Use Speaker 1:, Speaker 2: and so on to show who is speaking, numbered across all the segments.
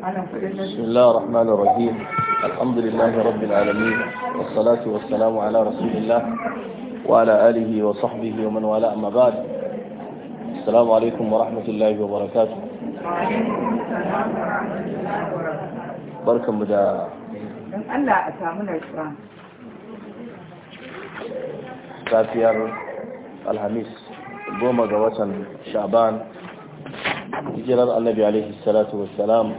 Speaker 1: بسم
Speaker 2: الله الرحمن الرحيم الحمد لله رب العالمين والصلاة والسلام على رسول الله وعلى آله وصحبه ومن والاه أما بعد السلام عليكم ورحمة الله وبركاته
Speaker 1: السلام ورحمة الله أتامنا إسلام
Speaker 2: سافير الهميس goma ga watan شعبان hijirar annabi alaihi salatu wa salam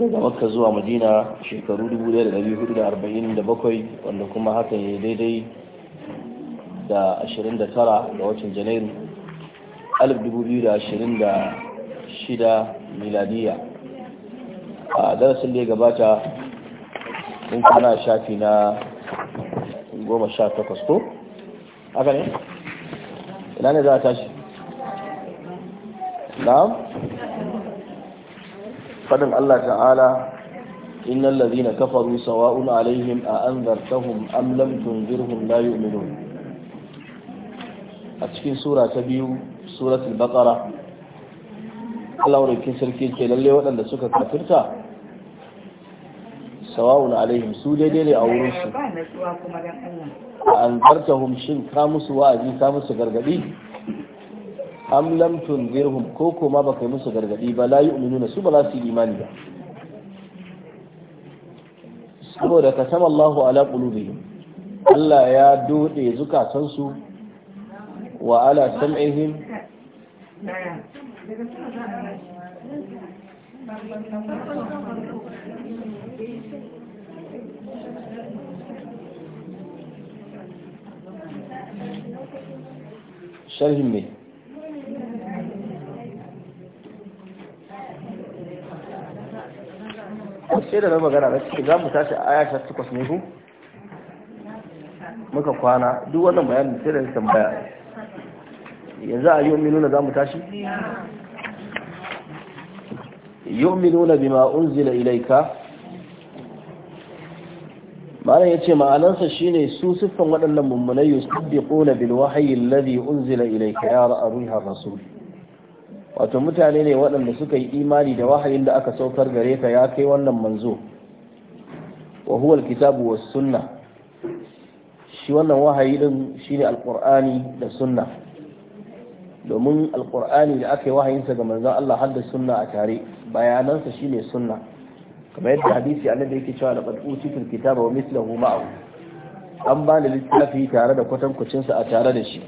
Speaker 2: daga makka zuwa madina shekaru 1447 wanda kuma haka ya daidai da 29 ga watan janairu 2026 miladiya a darasin da ya gabata in kana shafi na 18 ko? haka ne? ina ne za a tashi na'am fadin Allah ta'ala innal ladhina kafaru sawa'un 'alayhim a anzartahum am lam tunzirhum la yu'minun a cikin sura ta biyu suratul baqara Allah wurin sarki ke lalle waɗanda suka kafirta sawa'un alaihim su daidai ne a wurin su
Speaker 1: a
Speaker 2: anzartahum shin ka musu wa'azi ka musu gargadi am lam tunzirhum ko kuma baka yi musu gargadi ba la yu'minuna su ba za su yi imani ba saboda ka sama Allahu ala qulubihim Allah ya dode zukatansu
Speaker 1: wa ala sam'ihim
Speaker 2: sharhin mai sai da na magana na ciki za mu tashi aya ta takwas ne ku muka kwana duk wannan bayanin sai da tambaya yanzu a nuna za mu tashi yu'minuna bima unzila ilayka malam yace ma'anarsa shine su siffan waɗannan mummunai yusabbiquna bil wahyi alladhi unzila ilayka ya ra'aruha rasul wato mutane ne waɗanda suka yi imani da wahayin da aka saukar gare ka ya kai wannan manzo wa huwa alkitabu was sunna shi wannan wahayi din shine alqur'ani da sunna domin alqur'ani da aka yi wahayinsa ga manzon Allah har da sunna a tare bayanansa shine sunna kamar yadda hadisi annabi yake cewa laqad utitul kitaba wa mithluhu ma'ahu an bani littafi tare da kwatankwacinsa a tare da shi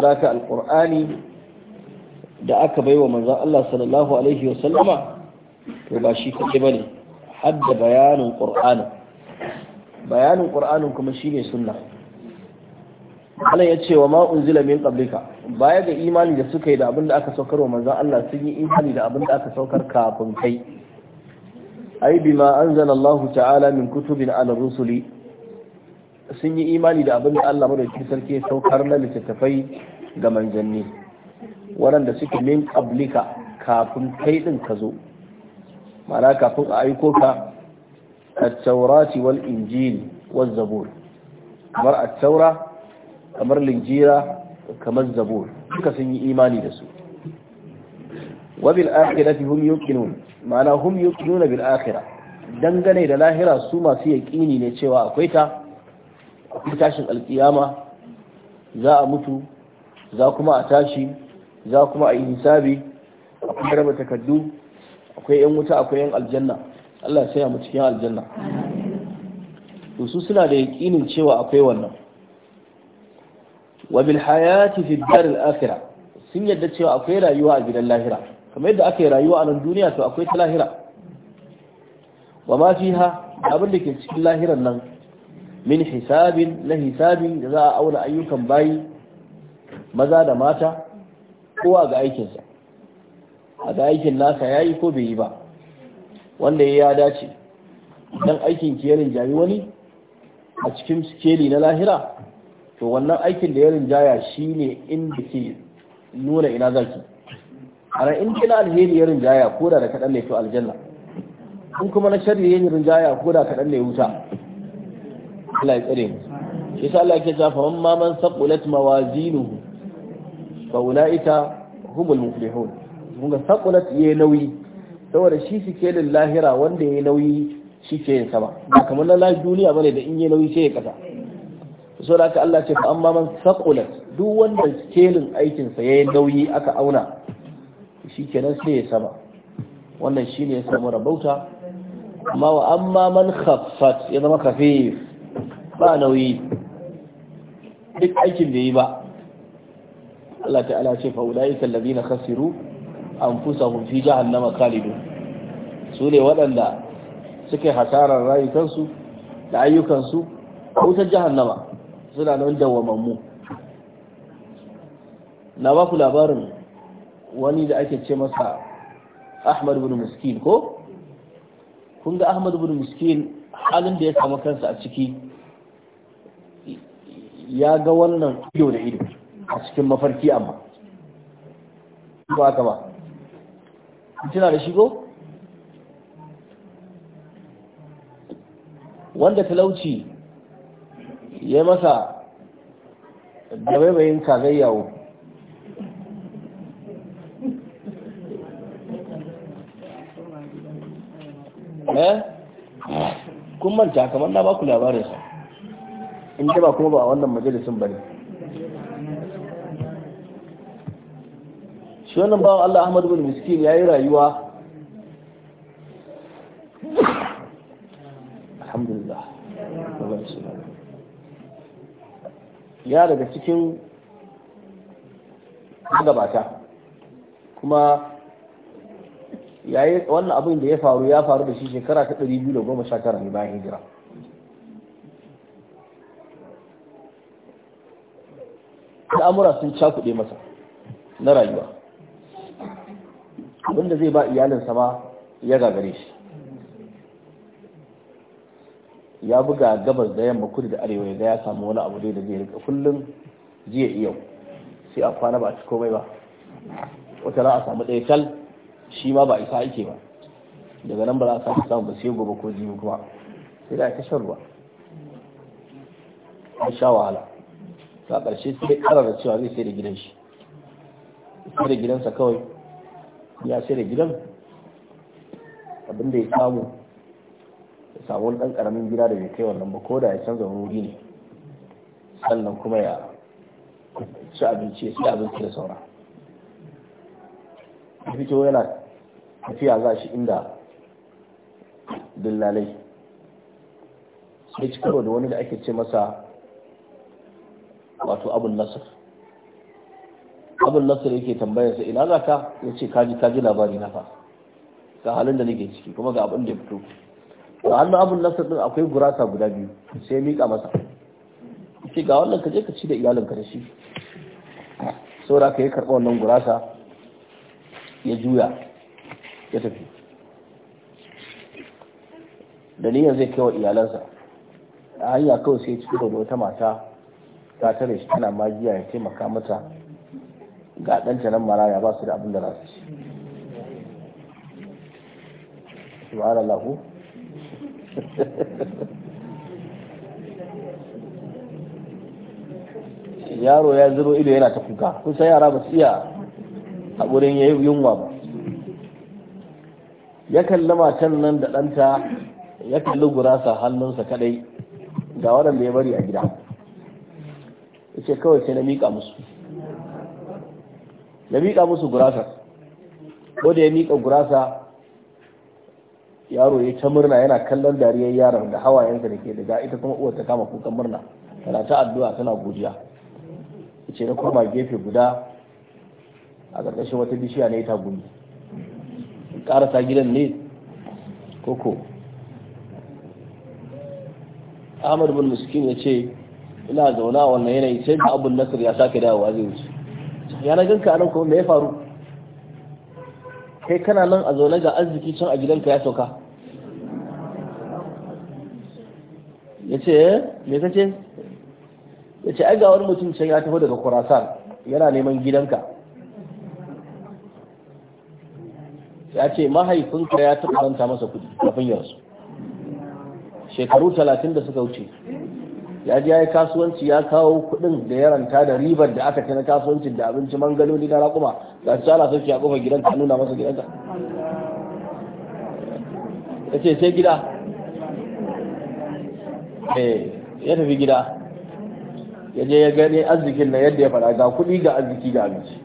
Speaker 2: zaka alqur'ani da aka baiwa manzan Allah sallallahu alaihi wasallama to ba shi kaɗai ba ne hadda bayanin ƙur'anin bayanin ƙur'anin kuma shi ne sunna Allah ya ce wa ma'un zila min ƙablika baya ga imani da suka yi da abin da aka saukar wa manzan Allah sun yi imani da abin da aka saukar kafin kai ai bima anzala Allah ta'ala min kutubin ala rusuli sun yi imani da abin da Allah madaukakin sarki saukar na littattafai ga manzanni waɗanda suke min ablika kafin kai ɗin ka zo ma'ana kafin a aiko ka at-taurati wal injil waz zabur kamar a taura kamar linjira kamar zabur duka sun yi imani da su wa bil fi hum yuqinun ma'ana hum yuqinuna bil akhirah dangane da lahira su masu yaƙini ne cewa akwai ta akwai tashin alƙiyama za a mutu za kuma a tashi za kuma a yi hisabi akwai raba takardu akwai yan wuta akwai yan aljanna Allah ya mu cikin aljanna to su suna da yaƙinin cewa akwai wannan wa bil hayati fi dar al akhirah sun yadda cewa akwai rayuwa a gidan lahira kamar yadda aka rayuwa a nan duniya to akwai ta lahira wa ma fiha abin da ke cikin lahiran nan min hisabin na hisabin da za a auna ayyukan bayi maza da mata kowa ga aikinsa a ga aikin nasa ya yi ko bai yi ba wanda ya dace don aikin ki ya jari wani a cikin sikeli na lahira to wannan aikin da ya rinjaya shi ne inda ke nuna ina zaki ana in kina alheri ya rinjaya ko da kaɗan ne to aljanna in kuma na shari ya rinjaya ko da kaɗan ne wuta Allah ya tsare mu shi sa Allah ke zafa mamman man saqulat mawazinuhu fa ulaika humul muflihun kuma ga saqulat yayi nauyi saboda shi sikelin lahira wanda yayi nauyi shi ke yin sama ba kamar na lafi duniya bane da in yi nauyi ce ya kasa so da aka Allah ce fa amma man saqulat duk wanda sikelin aikinsa ya yayi nauyi aka auna shi kenan sai ya sama wannan ne ya samu rabauta amma wa amma man khaffat ya zama khafif ba nauyi duk aikin da yi ba Allah ta'ala ce fa ulaika allazina khasiru anfusahum fi jahannama khalidun su ne waɗanda suke hasarar rayukansu da ayyukansu a wutar jahannama suna nan dawwamammu na ba ku labarin wani da ake ce masa Ahmad bin Miskin ko kun ga Ahmad bin Miskin halin da ya samu kansa a ciki ya ga wannan ido da ido a cikin mafarki amma ba haka ba tuna da shigo wanda talauci ya masa da baibayin yawo eh kun manta kamar na baku labarinsa in ba kuma ba a wannan majalisun bane shi wannan bawan Allah Ahmad bin Miskin yi rayuwa alhamdulillah ya daga cikin gabata kuma yayi wannan abin da ya faru ya faru da shi shekara ta 219 ne bayan hijira al'amura sun cakuɗe masa na rayuwa abinda zai ba iyalinsa ma ya gagare shi ya buga gabas da yamma kudu da arewa ya ya samu wani abu dai da zai rika kullum jiya yau sai a kwana ba a ci komai ba wata za a samu ɗaya tal shi ma ba isa ake ba daga nan ba za a sake samu ba sai gobe ko jibi kuma sai da ta shan ruwa an sha wahala ta ƙarshe sai ƙarar cewa zai sai da gidan shi sai da gidansa kawai ya sai da gidan abinda ya samu ya samu wani ɗan ƙaramin gida da mai kai wannan ba ko da ya canza wuri ne sannan kuma ya ci abinci ya ci abinci da saura ya fito yana tafiya za shi inda dillalai sai ci karo da wani da ake ce masa wato abun nasar abin nasir yake tambayar sa ina zaka ya ce kaji kaji labari na fa ga halin da nake ciki kuma ga abin da fito to hannu abin nasir din akwai gurasa guda biyu sai ya mika masa ce ga wannan kaje ka ci da iyalinka da shi saboda ka yi karɓa wannan gurasa ya juya ya tafi da niyan zai kai wa iyalansa a hanya kawai sai ya ci da wata mata ta tare shi tana magiya ya taimaka mata ga ɗanta nan maraya ba su da abin da za su ci subhanallahu yaro ya zuro ido yana ta kuka kusa yara ba su iya haƙurin ya yunwa ba ya kalli matan nan da ɗanta ya kalli gurasa hannunsa kadai ga waɗanda ya bari a gida ya ce kawai sai na miƙa musu na miƙa musu gurasa ko da ya miƙa gurasa yaro ya ta murna yana kallon dariyar yaron da hawayensa da ke daga ita kuma uwar ta kama kuka murna tana ta addu'a tana gujiya ce na koma gefe guda a ƙarƙashin wata bishiya na ita gumi ƙarasa gidan ne koko ahmad bin muskin ya ce ina zauna a wannan yanayi sai da abun nasir ya sake dawowa zai wuce ya na ganka anan kuma me ya faru kai kana nan a zaune ga arziki can a gidanka ya sauka ya ce eh, me ka ce ya ce ga wani mutum can ya taho daga kurasan yana neman gidanka ya ce mahaifinka ya taɓa ranta masa kuɗi kafin yarsu shekaru talatin da suka wuce ya je ya yi kasuwanci ya kawo kuɗin da ya ranta da ribar da aka ci na kasuwancin da abinci mangaloli na raƙuma ga su ala sauki a ƙofar gidan ka nuna masa gidanka ya ce sai gida eh ya tafi gida ya je ya gani arzikin na yadda ya faɗa ga kuɗi ga arziki ga abinci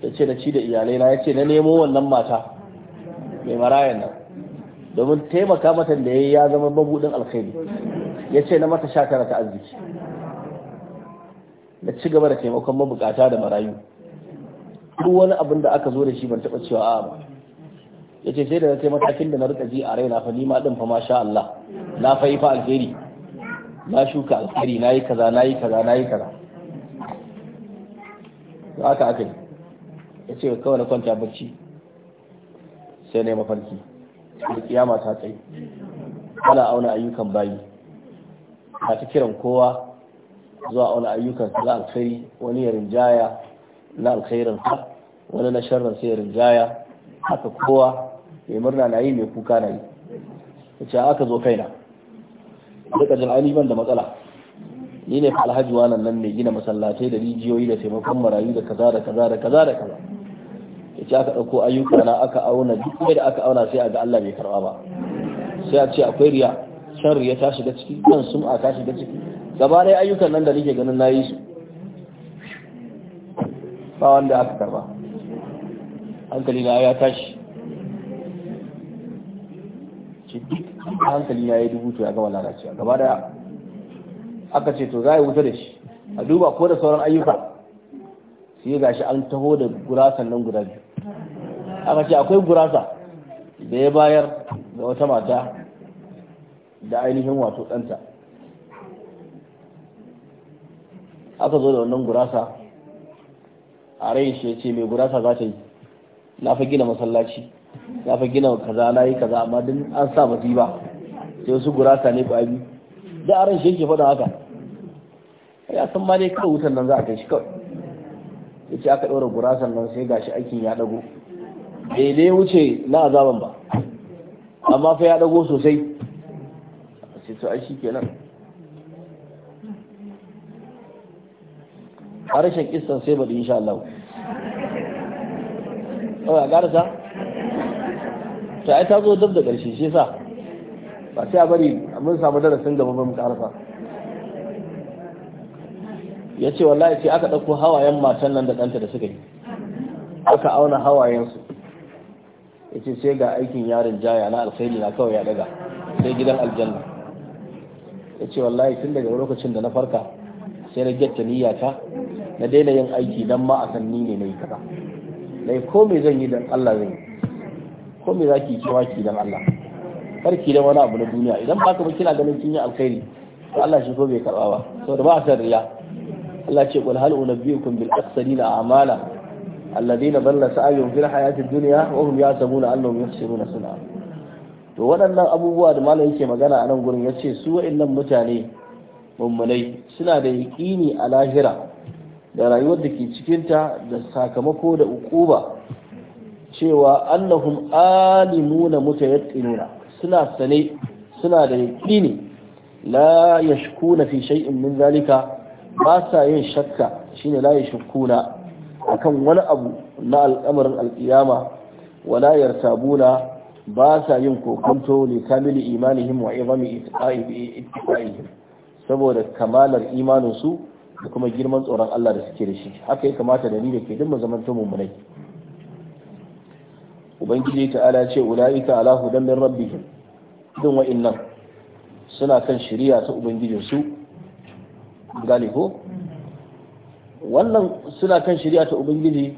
Speaker 2: ya ce da ci da iyalai na ya ce na nemo wannan mata mai marayan nan domin taimaka mata da ya zama mabudin alkhairi ya ce na mata sha tara ta arziki da ci gaba da taimakon mabukata da marayu duk wani abin da aka zo da shi ban taba cewa a ba ce sai da na taimaka matakin da na rika ji a rai fa ni ma din fa sha Allah na fahimta fa alheri na shuka na nayi kaza nayi kaza nayi kaza Za haka ake? Ya ce kawai na kwanta bacci sai na yi mafarki kiyama ta tsaye ana auna ayyukan bayi a ta kiran kowa zuwa auna ayyukan su na alkhairi wani ya rinjaya na alkhairin sa wani na sharrin sai ya rinjaya haka kowa mai murna na yi mai kuka na yi ce aka zo kaina duka ainihi ban da matsala ni ne alhaji wannan nan mai gina masallatai da rijiyoyi da taimakon marayu da kaza da kaza da kaza da kaza yace aka dauko ayyuka na aka auna duk da aka auna sai a ga Allah bai karba ba sai a ce akwai riya shan riya ta shiga ciki kan sum'a ta shiga ciki gaba ɗaya ayyukan nan da nake ganin nayi su ba wanda aka karba hankali na ya tashi ce duk hankali na ya dubu to ya gama lalacewa gaba ɗaya aka ce to za a yi wuta da shi a duba ko da sauran ayyuka sai ga shi an taho da gurasan nan guda biyu aka ce akwai gurasa da ya bayar ga wata mata da ainihin wato ɗanta aka zo da wannan gurasa a rai shi ya ce mai gurasa za ta yi na fa gina masallaci na fa gina kaza na yi kaza amma duk an sa ba sai wasu gurasa ne ƙwari da a ran shi yake faɗin haka ya san ma ne kawai wutan nan za a kai shi kawai yace aka ɗaura gurasan nan sai gashi aikin ya ɗago bai dai wuce na azaban ba amma fa ya ɗago sosai sai to aiki kenan harshen kistan sai da insha Allah kawai a ƙarasa ta ai ta zo dab da ƙarshe shi sa ba sai a bari mun samu darasin gaba ba mu ƙarasa ya ce wallahi ce aka ɗauko hawayen matan nan da ɗanta da suka yi aka auna hawayensu ya ce sai ga aikin yarin jaya na alkhairi na kawai ya daga sai gidan aljanna ya ce wallahi tun daga lokacin da na farka sai na gyatta niyyata na daina yin aiki don ma a sanni ne na yi kaka na yi komai zan yi don Allah zan yi komai za ki kewa ki don Allah karki don wani abu na duniya idan ba ka ba kina ganin kin yi alkhairi Allah shi ko bai karɓa ba saboda ba a san riya Allah ce qul hal unabbiukum bil na a'mala alladhina dalla sa'yuhum fil hayatid dunya wa hum yahsabuna annahum yuhsinuna sun'a to waɗannan abubuwa da malam yake magana a nan gurin yace su wa'annan mutane mummunai suna da yaƙini a lahira da rayuwar da ke cikinta da sakamako da ukuba cewa annahum alimuna mutayaqqinuna suna sane suna da yaƙini la yashkuna fi shay'in min zalika ba sa yin shakka shine la a akan wani abu na al'amarin alkiyama wala yartabuna ba sa yin kokanto ne kamili imanihim wa izami ittifa'ihim saboda kamalar imaninsu da kuma girman tsoron Allah da suke da shi haka ya kamata da ni da ke dimma zaman tumun munai ubangiji ta'ala ce ulaika ala hudan min rabbihim wa'innan suna kan shari'a ta ubangijinsu gane ko wannan suna kan shari'a ta ubangiji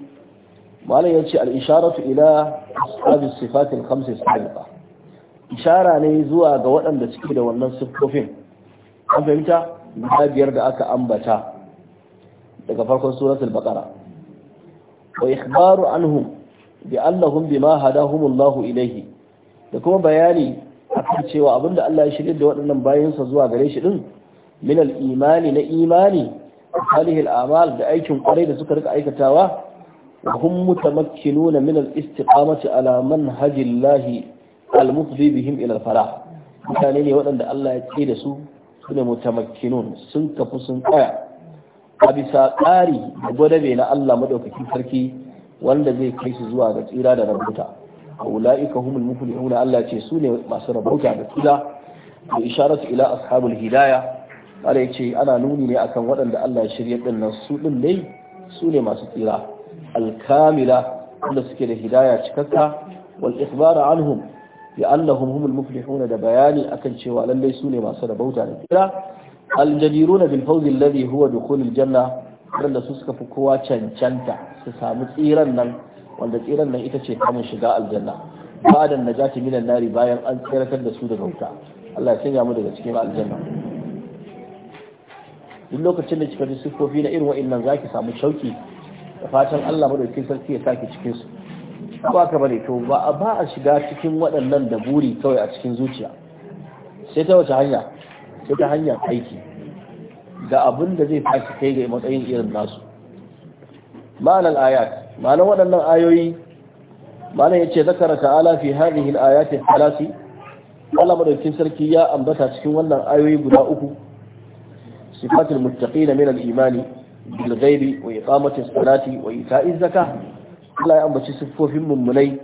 Speaker 2: malam ya ce al-isharatu ila ashabi sifatil khams sabiqa ishara ne zuwa ga waɗanda suke da wannan siffofin an fahimta guda biyar da aka ambata daga farkon suratul baqara wa ikhbaru anhum bi annahum bima hadahumullahu ilayhi da kuma bayani akan cewa abinda Allah ya shirye da waɗannan bayansa zuwa gare shi din min imani na imani salih amal da aikin kwarai da suka rika aikatawa wa hum nuna min al alaman ala al-mufdi bihim ila al mutane ne waɗanda Allah ya ce da su sune mutamakkinun sun kafu sun tsaya a bisa a da gwadabe na Allah madaukakin sarki wanda zai kai su zuwa ga tsira da rabuta a ula'ika humul muflihuna Allah ce su ne masu rabuta da tsira da isharatu ila ashabul hidaya Allah ya ce ana nuni ne akan waɗanda Allah ya shirya ɗin nan su ɗin dai su ne masu tsira alkamila wanda suke da hidaya cikakka wal ikhbar anhum ya annahum humul muflihun da bayani akan cewa lallai su ne masu rabauta da tsira al jadiruna bil fawzi alladhi huwa dukhulul janna wanda su suka fi kowa cancanta su samu tsiran nan wanda tsiran nan ita ce kamun shiga aljanna ba da najati minan nari bayan an tsiratar da su daga wuta Allah ya sanya mu daga cikin aljanna duk lokacin da kika ji sifofi na irin za ki samu shauki da fatan Allah madaukakin sarki ya saki cikin su ba ka bane to ba a ba a shiga cikin waɗannan da buri kawai a cikin zuciya sai ta wace hanya sai ta hanyar aiki ga abin da zai fashi kai ga matsayin irin nasu ma'anar ayat ma'anar waɗannan ayoyi malam yace zakara ta'ala fi hadhihi al-ayati al-thalasi Allah madaukin sarki ya ambata cikin wannan ayoyi guda uku صفات المتقين من الإيمان بالغيب وإقامة الصلاة وإيتاء الزكاة لا يأمبشي صفوف ممني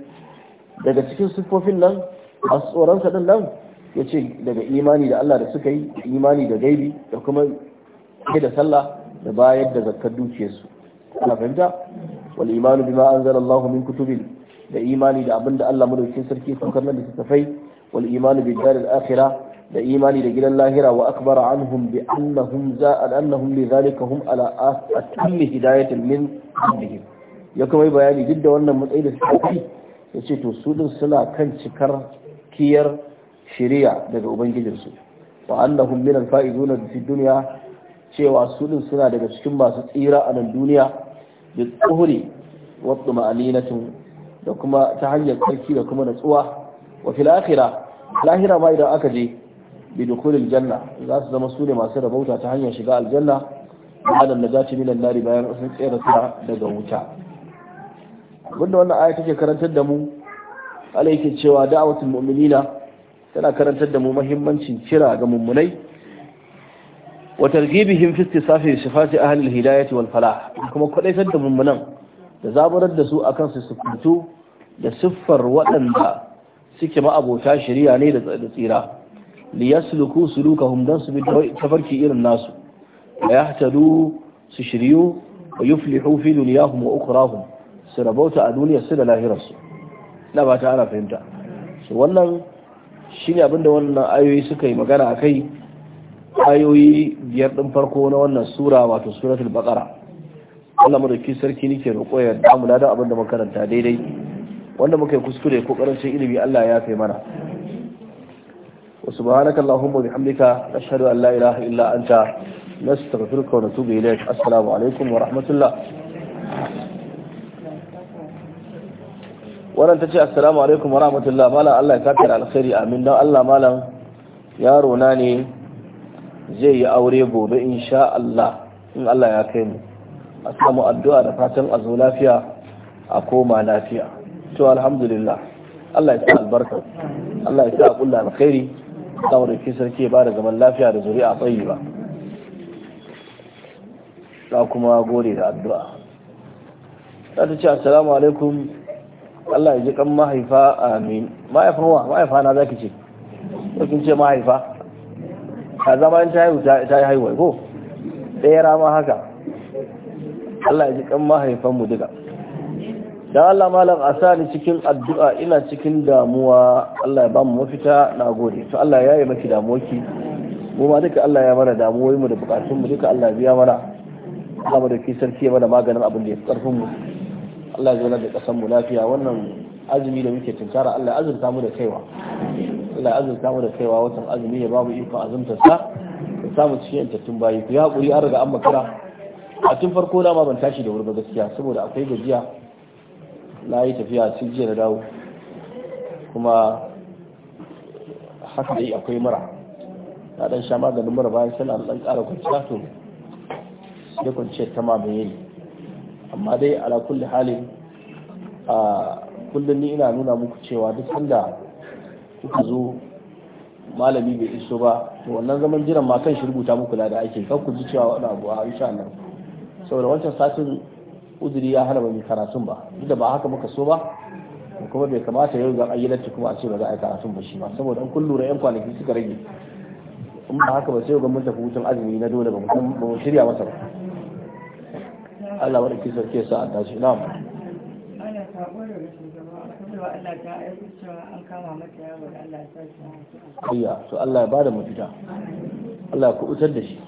Speaker 2: daga cikin siffofin nan a tsoronsa ɗin nan ya daga imani da Allah da suka yi imani da gaibi da kuma ke da sallah da bayar da zakkar dukiyarsu ana fahimta wal imanu bima anzalallahu min kutubin da imani da abinda Allah dauki sarki saukar nan da tafai wal imanu bil daril akhirah da imani da gidan lahira wa akbara anhum bi annahum za'an annahum li zalika hum ala hidayatin min rabbihim ya kuma yi bayani duk da wannan matsayi da suka kai ya ce to su din suna kan cikar kiyar shari'a daga ubangijinsu wa annahum min al-fa'iduna fi dunya cewa su din suna daga cikin masu tsira a nan duniya bi tsuhuri wa tuma'aninatin da kuma ta hanyar tsarki da kuma natsuwa wa fil akhirah lahira ma idan aka je bi janna za su zama sune masu rabauta ta hanyar shiga aljanna ba'da najati minan nari bayan sun tsere ta daga wuta abinda wannan aya take karantar da mu Allah yake cewa da'awatul mu'minina tana karantar da mu muhimmancin kira ga mummunai wa targhibihim fi istisafi sifati ahli al-hidayati wal falah kuma kwadaitar da mummunan da zaburar da su akan su sukutu da siffar waɗanda suke ma'abota shiriya ne da tsira li yasluku sulukahum dan su bi tafarki irin nasu wa yahtadu su shiryu wa yuflihu fi dunyahum wa ukhrahum su rabota a duniyar su da lahirar su na ba ta ana fahimta so wannan shine abinda wannan ayoyi suka yi magana akai ayoyi biyar din farko na wannan sura wato suratul baqara Allah madauki sarki nake roƙo ya damu da abin da makaranta daidai wanda muka yi kuskure ko karancin ilimi Allah ya kai mana وسبحانك اللهم وبحمدك نشهد أن لا إله إلا أنت نستغفرك ونتوب إليك السلام عليكم ورحمة الله wannan ta ce assalamu alaikum wa rahmatullah malam Allah ya kafir alkhairi amin don Allah malam yaro na ne zai yi aure gobe insha Allah in Allah ya kai mu a samu addu'a da fatan a zo lafiya a koma lafiya to alhamdulillah Allah ya sa albarka Allah ya sa kullu alkhairi saboda ke sarki ba da zaman lafiya da zuri'a tsayi ba na kuma gode da addu'a za ta ce assalamu alaikum Allah ya ji kan mahaifa amin mahaifan wa mahaifa na ki ce ko ce mahaifa a zaman ta ta yi haihuwa ko ɗaya rama haka Allah ya ji kan mahaifan mu duka Da Allah malam a sa ni cikin addu'a ina cikin damuwa Allah ya ba mu mafita na gode to Allah ya yi maki damuwarki mu ma duka Allah ya mana damuwoyi mu da bukatun mu duka Allah biya mana Allah da ke sarki ya mana maganin abin da ya karfin mu Allah ya da kasan mu lafiya wannan azumi da muke tunkara Allah ya azurta mu da kaiwa Allah ya azurta mu da kaiwa watan azumi ya babu iko azumta sa ka samu cikin tattun bayi ku ya hakuri an riga an makara a tun farko na ma ban tashi da wurba gaskiya saboda akwai gajiya na yi tafiya sun jiya da dawo kuma haka dai akwai mura na dan sha maganin mura bayan sana na dan ƙara kwanciya to sai kwanciyar ta mamaye ne amma dai ala kulli halin a kullum ni ina nuna muku cewa duk sanda kuka zo malami bai iso ba to wannan zaman jiran ma kan shi rubuta muku da ake kan ku ji cewa wani abu a insha Allah saboda wancan satin uzuri ya hana mai karatun ba duk da ba haka muka so ba kuma bai kamata yau ga ayyalanci kuma a ce ba za a yi karatun ba shi ba saboda in kun lura yan kwanaki suka rage in ba haka ba sai ga mun tafi wutan azumi na dole ba mu shirya masa ba
Speaker 1: Allah wani kisa ke sa a tashi na mu Allah ya aiko cewa an kama mata da Allah
Speaker 2: sa to Allah ya bada mafita Allah ya kubutar da shi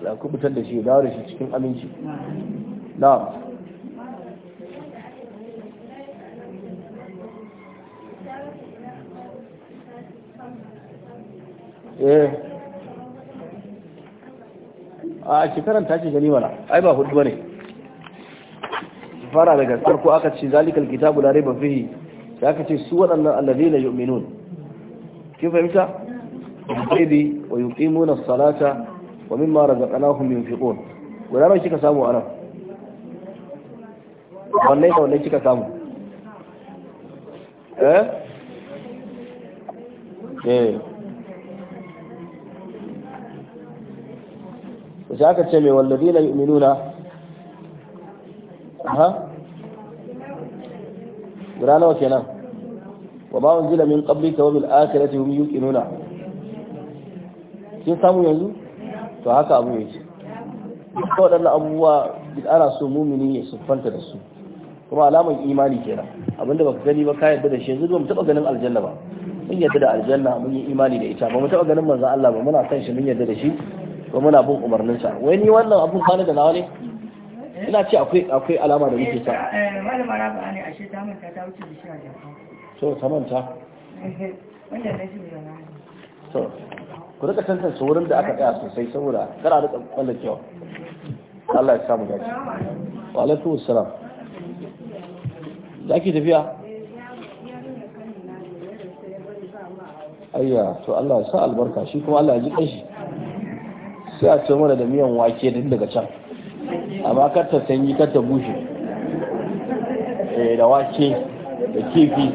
Speaker 2: Allah ya kubutar da shi ya dawo da shi cikin aminci na'am eh a shekaran ta ce gani mana ai ba hudu bane fara daga farko aka ce zalikal kitabu la raiba fihi sai aka ce su waɗannan alladheena yu'minun kin fahimta bi wa yuqimuna as-salata wa mimma razaqnahum yunfiqun gudanar kika samu anan wannan da wannan kika samu eh eh sai aka ce mai walladina yu'minuna ha guda nawa kenan wa ba unzila min qablika wa bil akhirati hum yuqinuna kin samu yanzu to haka abu yake ko wadannan abubuwa ana so mumini ya siffanta da su kuma alaman imani kenan abinda baka gani ba ka yarda da shi yanzu ba mu taba ganin aljanna ba mun yadda da aljanna mun yi imani da ita ba mu taba ganin manzon Allah ba muna san shi mun yadda da shi ba muna bin umarnin sa wai ni wannan abun kwana da nawa ne ina ce akwai akwai alama da nake sa
Speaker 1: eh, eh, malama raba ne ashe ta manta ta wuce bishiya da
Speaker 2: so ta manta
Speaker 1: wanda na shi ne
Speaker 2: so ku rika tantance wurin da aka tsaya sosai saboda kana da kwallakewa Allah ya samu gaji wa alaikum assalam da ake tafiya ayya to Allah ya sa albarka shi kuma Allah ya ji kashi sai a ce mana da miyan wake din daga can amma kar ta sanyi kar ta bushe eh da wake da kifi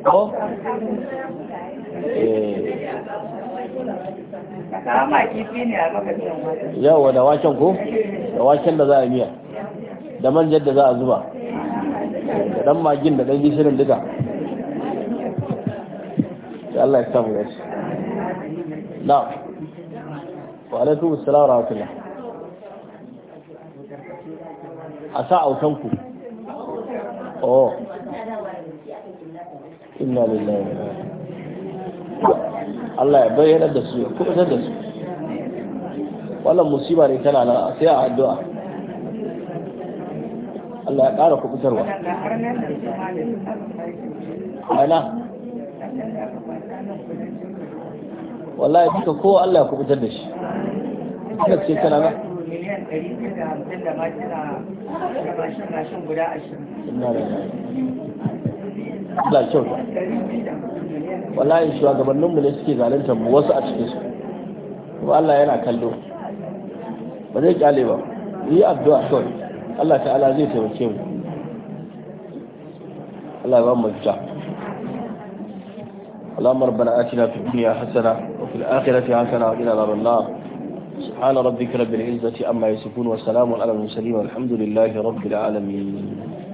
Speaker 1: ko eh
Speaker 2: yawa da waken ko da waken da za a miya da manjar da za a zuba
Speaker 1: dan magin da dan gishirin duka
Speaker 2: Ya Allah ya samu yasu na
Speaker 1: wa alaikum assalam wa rahmatullah a sa autan ku oh
Speaker 2: inna lillahi
Speaker 1: Allah ya bayyana
Speaker 2: da su ya kuma da su wannan musiba ne tana nan sai a addu'a Allah ya ƙara kubutarwa ana wallahi duka ko Allah ya fitar da shi kuma ce kana ba
Speaker 1: Allah kyauta wallahi
Speaker 2: shugabanninmu ne suke zalunta mu wasu a cikinsu kuma Allah yana kallo
Speaker 1: ba zai kyale ba yi addu'a kawai Allah ta'ala zai taimake
Speaker 2: mu Allah ba mu ja اللهم ربنا آتنا في الدنيا حسنة وفي الآخرة حسنة وإلى عذاب النار سبحان ربك رب العزة أما يسكون وسلام على المرسلين والحمد لله رب العالمين